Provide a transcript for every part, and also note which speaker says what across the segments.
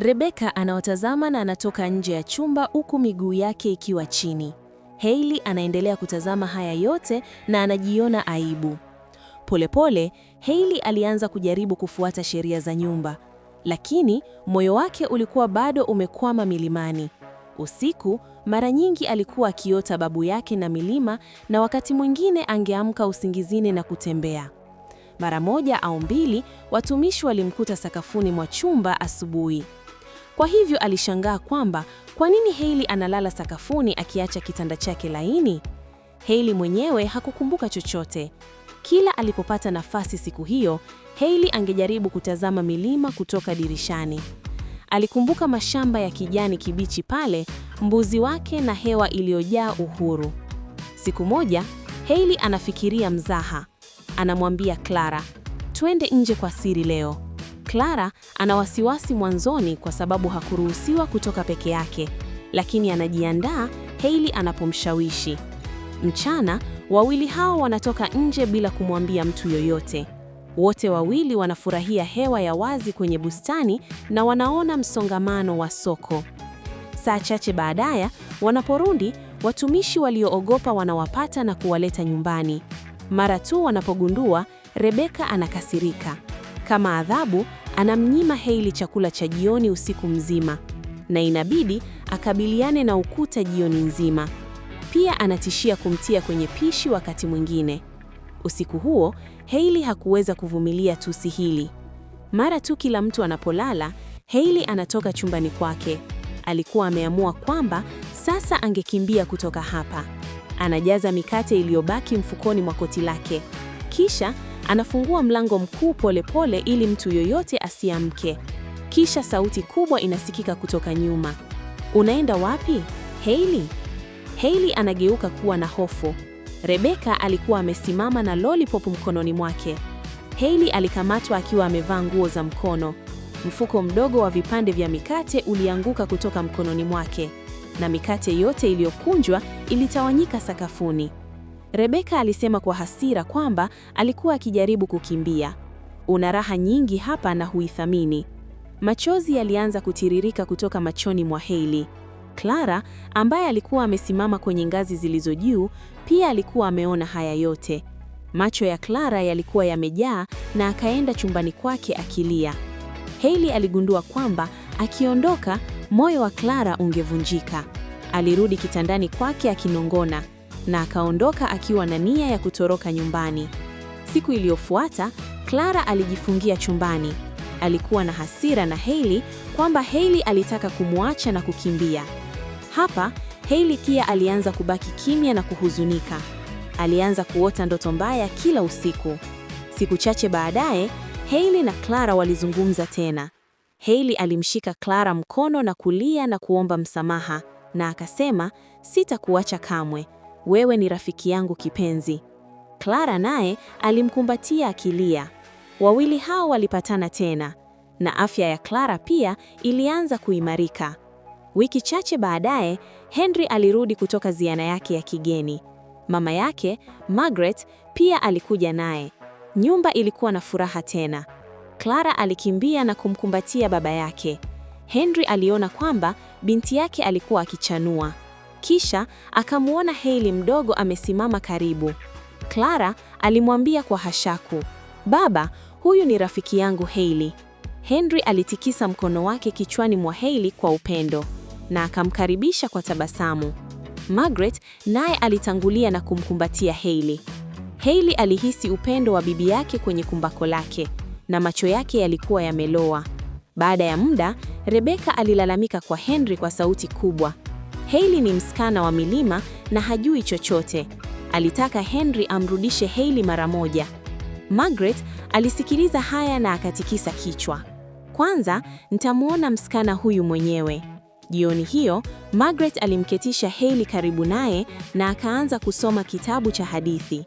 Speaker 1: Rebeka anawatazama na anatoka nje ya chumba huku miguu yake ikiwa chini. Hailey anaendelea kutazama haya yote na anajiona aibu. Polepole, Hailey alianza kujaribu kufuata sheria za nyumba, lakini moyo wake ulikuwa bado umekwama milimani. Usiku mara nyingi alikuwa akiota babu yake na milima, na wakati mwingine angeamka usingizini na kutembea. Mara moja au mbili, watumishi walimkuta sakafuni mwa chumba asubuhi. Kwa hivyo alishangaa kwamba kwa nini Hailey analala sakafuni akiacha kitanda chake laini. Hailey mwenyewe hakukumbuka chochote. Kila alipopata nafasi siku hiyo, Hailey angejaribu kutazama milima kutoka dirishani. Alikumbuka mashamba ya kijani kibichi pale, mbuzi wake na hewa iliyojaa uhuru. Siku moja, Hailey anafikiria mzaha. Anamwambia Clara, "Twende nje kwa siri leo." Clara ana wasiwasi mwanzoni kwa sababu hakuruhusiwa kutoka peke yake, lakini anajiandaa Hailey anapomshawishi. Mchana, wawili hao wanatoka nje bila kumwambia mtu yoyote. Wote wawili wanafurahia hewa ya wazi kwenye bustani na wanaona msongamano wa soko. Saa chache baadaye, wanaporudi, watumishi walioogopa wanawapata na kuwaleta nyumbani. Mara tu wanapogundua, Rebeka anakasirika. Kama adhabu, anamnyima Hailey chakula cha jioni usiku mzima, na inabidi akabiliane na ukuta jioni nzima. Pia anatishia kumtia kwenye pishi wakati mwingine. Usiku huo Hailey hakuweza kuvumilia tusi hili. Mara tu kila mtu anapolala, Hailey anatoka chumbani kwake. Alikuwa ameamua kwamba sasa angekimbia kutoka hapa. Anajaza mikate iliyobaki mfukoni mwa koti lake, kisha Anafungua mlango mkuu polepole ili mtu yoyote asiamke. Kisha sauti kubwa inasikika kutoka nyuma, unaenda wapi Hailey? Hailey anageuka kuwa na hofu. Rebeka alikuwa amesimama na lollipop mkononi mwake. Hailey alikamatwa akiwa amevaa nguo za mkono. Mfuko mdogo wa vipande vya mikate ulianguka kutoka mkononi mwake na mikate yote iliyokunjwa ilitawanyika sakafuni. Rebeka alisema kwa hasira kwamba alikuwa akijaribu kukimbia. Una raha nyingi hapa na huithamini. Machozi yalianza kutiririka kutoka machoni mwa Hailey. Clara ambaye alikuwa amesimama kwenye ngazi zilizo juu, pia alikuwa ameona haya yote. Macho ya Clara yalikuwa yamejaa na akaenda chumbani kwake akilia. Hailey aligundua kwamba akiondoka, moyo wa Clara ungevunjika. Alirudi kitandani kwake akinong'ona na akaondoka akiwa na nia ya kutoroka nyumbani. Siku iliyofuata, Clara alijifungia chumbani. Alikuwa na hasira na Hailey kwamba Hailey alitaka kumwacha na kukimbia. Hapa Hailey pia alianza kubaki kimya na kuhuzunika. Alianza kuota ndoto mbaya kila usiku. Siku chache baadaye, Hailey na Clara walizungumza tena. Hailey alimshika Clara mkono na kulia na kuomba msamaha na akasema, sitakuacha kamwe wewe ni rafiki yangu kipenzi. Clara naye alimkumbatia akilia. Wawili hao walipatana tena na afya ya Clara pia ilianza kuimarika. Wiki chache baadaye, Henry alirudi kutoka ziara yake ya kigeni. Mama yake Margaret pia alikuja naye. Nyumba ilikuwa na furaha tena. Clara alikimbia na kumkumbatia baba yake. Henry aliona kwamba binti yake alikuwa akichanua. Kisha akamwona Hailey mdogo amesimama karibu. Clara alimwambia kwa hashaku, "Baba, huyu ni rafiki yangu Hailey." Henry alitikisa mkono wake kichwani mwa Hailey kwa upendo na akamkaribisha kwa tabasamu. Margaret naye alitangulia na kumkumbatia Hailey. Hailey alihisi upendo wa bibi yake kwenye kumbako lake na macho yake yalikuwa yameloa. Baada ya muda, Rebecca alilalamika kwa Henry kwa sauti kubwa, Hailey ni msichana wa milima na hajui chochote. Alitaka Henry amrudishe Hailey mara moja. Margaret alisikiliza haya na akatikisa kichwa. Kwanza nitamwona msichana huyu mwenyewe. Jioni hiyo, Margaret alimketisha Hailey karibu naye na akaanza kusoma kitabu cha hadithi.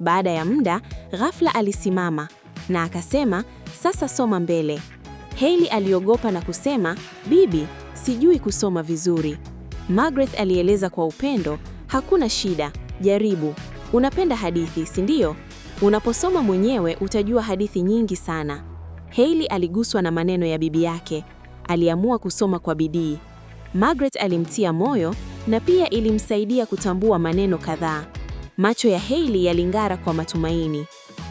Speaker 1: Baada ya muda, ghafla alisimama na akasema, "Sasa soma mbele." Hailey aliogopa na kusema, "Bibi, sijui kusoma vizuri." Margaret alieleza kwa upendo, hakuna shida, jaribu. Unapenda hadithi, si ndio? Unaposoma mwenyewe utajua hadithi nyingi sana. Hailey aliguswa na maneno ya bibi yake, aliamua kusoma kwa bidii. Margaret alimtia moyo na pia ilimsaidia kutambua maneno kadhaa. Macho ya Hailey yaling'ara kwa matumaini.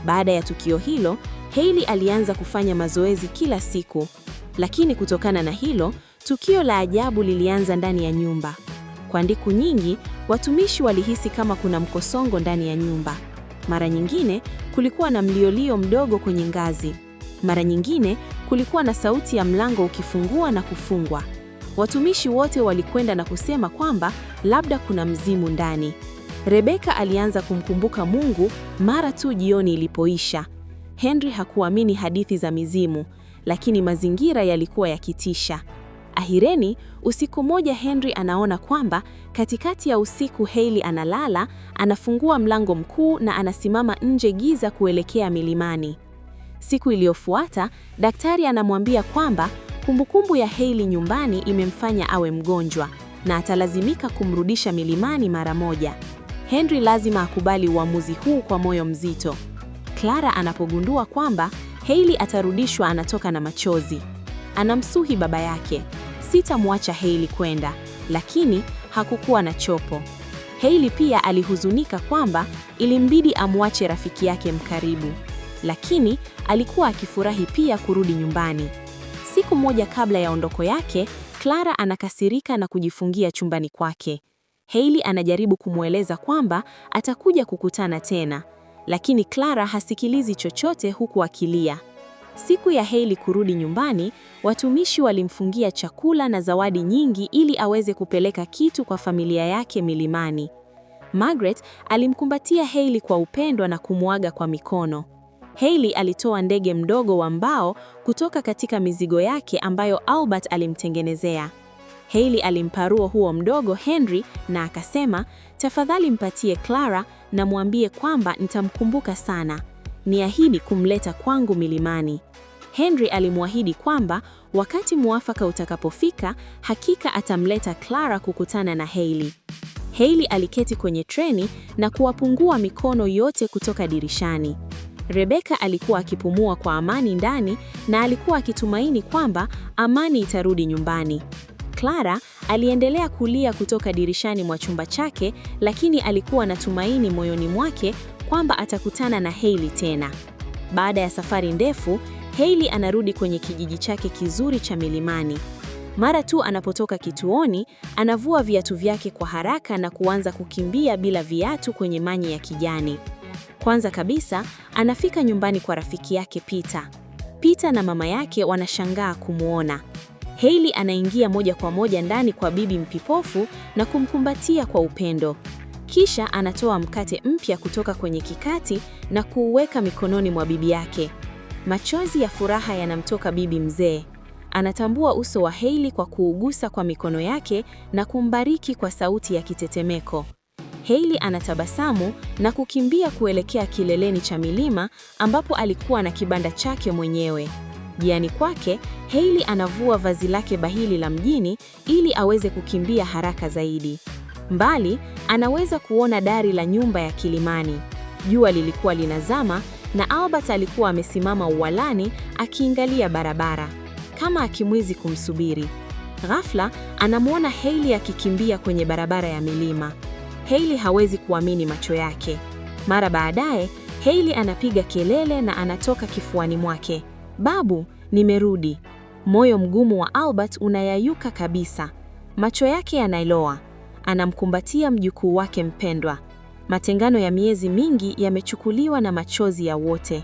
Speaker 1: Baada ya tukio hilo, Hailey alianza kufanya mazoezi kila siku. Lakini kutokana na hilo, tukio la ajabu lilianza ndani ya nyumba. Kwa ndiku nyingi, watumishi walihisi kama kuna mkosongo ndani ya nyumba. Mara nyingine kulikuwa na mliolio mdogo kwenye ngazi. Mara nyingine kulikuwa na sauti ya mlango ukifungua na kufungwa. Watumishi wote walikwenda na kusema kwamba labda kuna mzimu ndani. Rebeka alianza kumkumbuka Mungu mara tu jioni ilipoisha. Henry hakuamini hadithi za mizimu lakini mazingira yalikuwa ya kitisha. Ahireni, usiku moja Henry anaona kwamba katikati ya usiku Hailey analala, anafungua mlango mkuu na anasimama nje giza kuelekea milimani. Siku iliyofuata, daktari anamwambia kwamba kumbukumbu ya Hailey nyumbani imemfanya awe mgonjwa na atalazimika kumrudisha milimani mara moja. Henry lazima akubali uamuzi huu kwa moyo mzito. Clara anapogundua kwamba Hailey atarudishwa anatoka na machozi. Anamsuhi baba yake, sitamwacha Hailey kwenda, lakini hakukuwa na chopo. Hailey pia alihuzunika kwamba ilimbidi amwache rafiki yake mkaribu, lakini alikuwa akifurahi pia kurudi nyumbani. Siku moja kabla ya ondoko yake, Clara anakasirika na kujifungia chumbani kwake. Hailey anajaribu kumweleza kwamba atakuja kukutana tena lakini Clara hasikilizi chochote huku akilia. Siku ya Hailey kurudi nyumbani, watumishi walimfungia chakula na zawadi nyingi ili aweze kupeleka kitu kwa familia yake milimani. Margaret alimkumbatia Hailey kwa upendo na kumwaga kwa mikono. Hailey alitoa ndege mdogo wa mbao kutoka katika mizigo yake ambayo Albert alimtengenezea. Hailey alimparuo huo mdogo Henry na akasema, tafadhali mpatie Clara na mwambie kwamba nitamkumbuka sana, niahidi kumleta kwangu milimani. Henry alimwahidi kwamba wakati muafaka utakapofika, hakika atamleta Clara kukutana na Hailey. Hailey aliketi kwenye treni na kuwapungua mikono yote kutoka dirishani. Rebeka alikuwa akipumua kwa amani ndani na alikuwa akitumaini kwamba amani itarudi nyumbani. Clara aliendelea kulia kutoka dirishani mwa chumba chake, lakini alikuwa na tumaini moyoni mwake kwamba atakutana na Hailey tena. Baada ya safari ndefu, Hailey anarudi kwenye kijiji chake kizuri cha milimani. Mara tu anapotoka kituoni, anavua viatu vyake kwa haraka na kuanza kukimbia bila viatu kwenye manyi ya kijani. Kwanza kabisa, anafika nyumbani kwa rafiki yake Peter. Peter na mama yake wanashangaa kumwona heili anaingia moja kwa moja ndani kwa bibi mpipofu na kumkumbatia kwa upendo. Kisha anatoa mkate mpya kutoka kwenye kikati na kuuweka mikononi mwa bibi yake. Machozi ya furaha yanamtoka bibi mzee. Anatambua uso wa Hailey kwa kuugusa kwa mikono yake na kumbariki kwa sauti ya kitetemeko. Hailey anatabasamu na kukimbia kuelekea kileleni cha milima ambapo alikuwa na kibanda chake mwenyewe. Jiani kwake, Hailey anavua vazi lake bahili la mjini ili aweze kukimbia haraka zaidi. Mbali anaweza kuona dari la nyumba ya Kilimani. Jua lilikuwa linazama na Albert alikuwa amesimama uwalani akiangalia barabara kama akimwizi kumsubiri. Ghafla anamwona Hailey akikimbia kwenye barabara ya milima. Hailey hawezi kuamini macho yake. Mara baadaye, Hailey anapiga kelele na anatoka kifuani mwake. Babu, nimerudi. Moyo mgumu wa Albert unayayuka kabisa, macho yake yanailoa. Anamkumbatia mjukuu wake mpendwa. Matengano ya miezi mingi yamechukuliwa na machozi ya wote.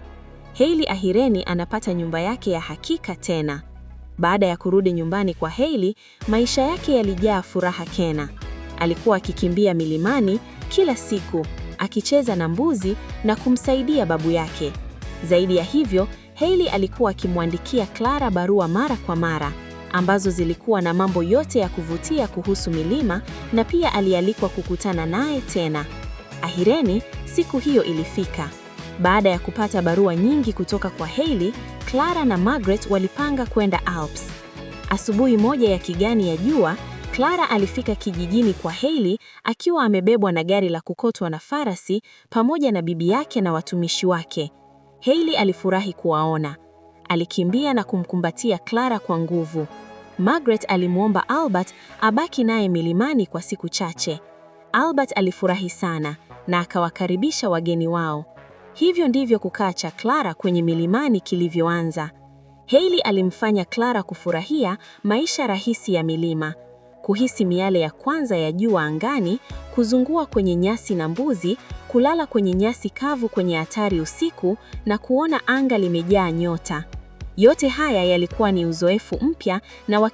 Speaker 1: Hailey Ahireni anapata nyumba yake ya hakika tena. Baada ya kurudi nyumbani kwa Hailey, maisha yake yalijaa furaha kena. Alikuwa akikimbia milimani kila siku, akicheza na mbuzi na kumsaidia babu yake. Zaidi ya hivyo, Hailey alikuwa akimwandikia Clara barua mara kwa mara ambazo zilikuwa na mambo yote ya kuvutia kuhusu milima na pia alialikwa kukutana naye tena. Ahireni, siku hiyo ilifika. Baada ya kupata barua nyingi kutoka kwa Hailey, Clara na Margaret walipanga kwenda Alps. Asubuhi moja ya kigani ya jua, Clara alifika kijijini kwa Hailey akiwa amebebwa na gari la kukotwa na farasi pamoja na bibi yake na watumishi wake. Hailey alifurahi kuwaona. Alikimbia na kumkumbatia Clara kwa nguvu. Margaret alimwomba Albert abaki naye milimani kwa siku chache. Albert alifurahi sana na akawakaribisha wageni wao. Hivyo ndivyo kukaa cha Clara kwenye milimani kilivyoanza. Hailey alimfanya Clara kufurahia maisha rahisi ya milima kuhisi miale ya kwanza ya jua angani, kuzungua kwenye nyasi na mbuzi, kulala kwenye nyasi kavu kwenye hatari usiku na kuona anga limejaa nyota. Yote haya yalikuwa ni uzoefu mpya na wa